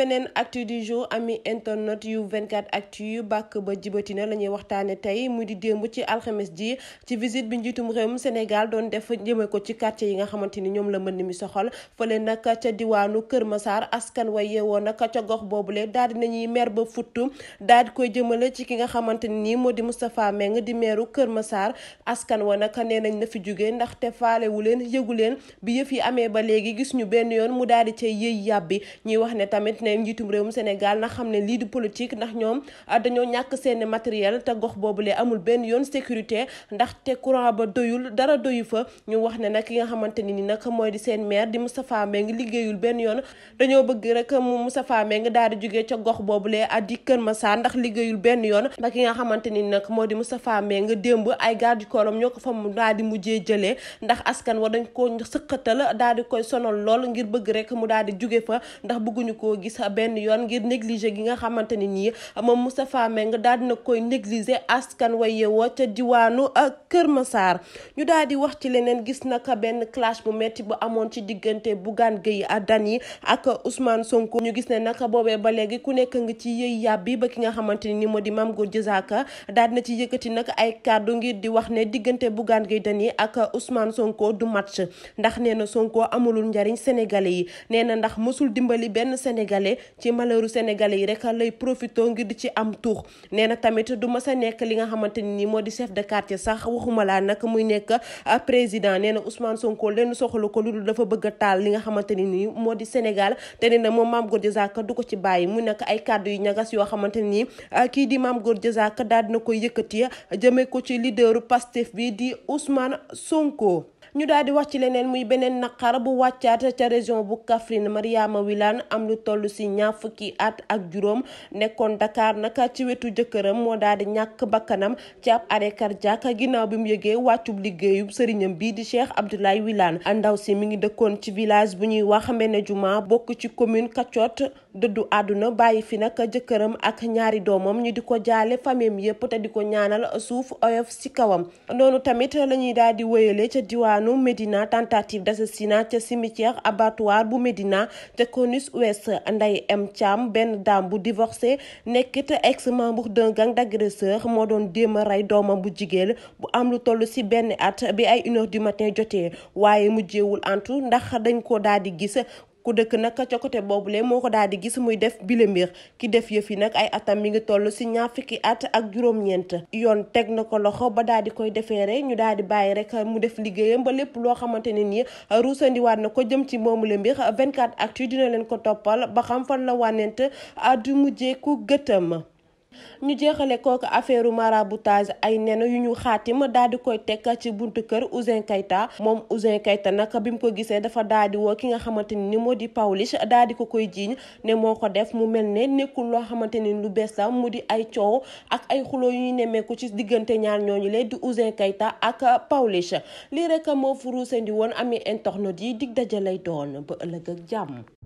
beneen actu du jour ami internet yu 24 actu yu bàkk ba jibatina la ñuy waxtaane tey mu di démb ci alxames ji ci visite bi njiitum réewum Sénégal doon def jëme ko ci quartier yi nga xamante ni ñoom la mën mi soxal fële nag ca diwaanu Kër Masaar askan wa yeewoo nag ca gox boobule daal di nañuy mer ba futtu daal di koy jëmale ci ki nga xamante nii moo di Moustapha Meng di meeru Kër Masaar askan wa nag nee nañ na fi jógee ndaxte faalewu leen yëgu leen bi amee ba léegi gis benn yoon mu daal di cay yëy ne njiitum réewum Sénégal na xam ne lii di politique ndax ñoom ah, dañoo ñàkk seen matériel te gox boobu lee amul benn yoon sécurité ndax te courant ba doyul dara doyu fa ñu wax ne nag ki nga xamante ni ni nag mooy di seen maire di Moustapha Mbengue liggéeyul benn yoon dañoo bëgg rek mu Moustapha Mbengue daal di jógee ca gox boobule ah, di Kër Massar ndax liggéeyul benn yoon ndax ki nga xamante ni nag moo di Moustapha Mbengue démb ay garde corps ñoo ko fa mu daal di mujjee jëlee ndax askan wa dañ ko sëqatal daal di koy sonal lool ngir bëgg rek mu daal di jóge fa ndax bëgguñu koo gis benn yoon ngir négliger gi nga xamante ne nii moom Moustapha Mbengue daal dina koy négliger askan wa yeewoo ca diwaanu ak uh, Kër Massar ñu daal di wax ci leneen gis naka benn clash bu metti bu amoon ci diggante Bougane Gueye Dany ak Ousmane Sonko ñu gis ne naka boobee ba léegi ku nekk nga ci yëy yàbbi ba ki nga xamante ni moo di Mame Gor Diazaka daal dina ci yëkkati nag ay kàddu ngir di wax ne diggante Bougane Gueye Dany ak Ousmane Sonko du match ndax nee na Sonko amulul njariñ sénégalais yi nee na ndax mësul dimbali benn sénégalais ci malheuru sénégal yi rek lay profito ngir di ci am tuux nee na tamit du ma sa nekk li nga xamante nii moo di chef de quartier sax waxuma laa nag muy nekk ah, président nee na Ousmane Sonko lenn soxla ko lu dul dafa bëgg taal li nga xamante ni nii moo di Sénégal te nee na moom Mame Gor Diazaka du ko ci bàyyi mu nekk ay kàddu yu ñagas yoo xamante ni ah, kii di Mame Gor Diazaka daal dina koy yëkkati jëmee ko ci leaderu Pastef bi di Ousmane Sonko ñu daal di wax ci leneen muy beneen naqar bu wàccaat ca région bu Kaffrine Mariama wilaan am lu toll si ñaar fukki at ak juróom nekkoon Dakar naka ci wetu jëkkëram moo daal di ñàkk bakkanam ci ab arrêt cardiaque ginnaaw bi mu yëgee wàccu liggéeyu sëriñam bii di Cheikh Abdoulaye a ndaw si mu ngi dëkkoon ci village bu ñuy wax Mbene Juma bokk ci commune Kacoot dëddu àdduna bàyyi fi nag jëkkëram ak ñaari doomam ñu di ko jaale famille yëpp te di ko ñaanal suuf oyof si kawam diwaanu Médina tentative d'assassinat ca cimetière abattoir bu Médina ca Conus Ouest Ndeye M Thiam benn dame bu divorcé nekkit ex membre d'un gang d'agresseur moo doon déem a rey doomam bu jigéen bu am lu toll ci benn at bi ay une heure du matin jotee waaye mujjeewul antu ndax dañ ko daal di gis ku dëkk nag ca côté boobule moo ko daal di gis muy def bile mbir ki def yëf nag ay atam mi ngi toll si ñaar fukki at ak juróom-ñeent yoon teg na ko loxo ba daal di koy defee rek ñu daal di bàyyi rek mu def liggéeyam ba lépp loo xamante ne nii ruusandiwaat na ko jëm ci moomu le mbir 24 actu dina leen ko toppal ba xam fan la wànnent du mujjee ku gëtëm. ñu jeexale kooku affaire maraboutage ay nen yu ñu xaatim daal di koy teg ci buntu kër Ouzin Keita moom Ouzin Keita nag bi mu ko gisee dafa daal di woo ki nga xamante ni moo di Pawlish daal di ko koy jiiñ ne moo ko def mu mel ne nekkul loo xamante ni lu bees la mu di ay coow ak ay xuloo yu ñu nemmeeku ci diggante ñaar ñooñu leen di Ouzin Keita ak Pawlish lii rek moo furu seen di woon amee internet yi dig dajalay doon ba ëllëg ak jàmm.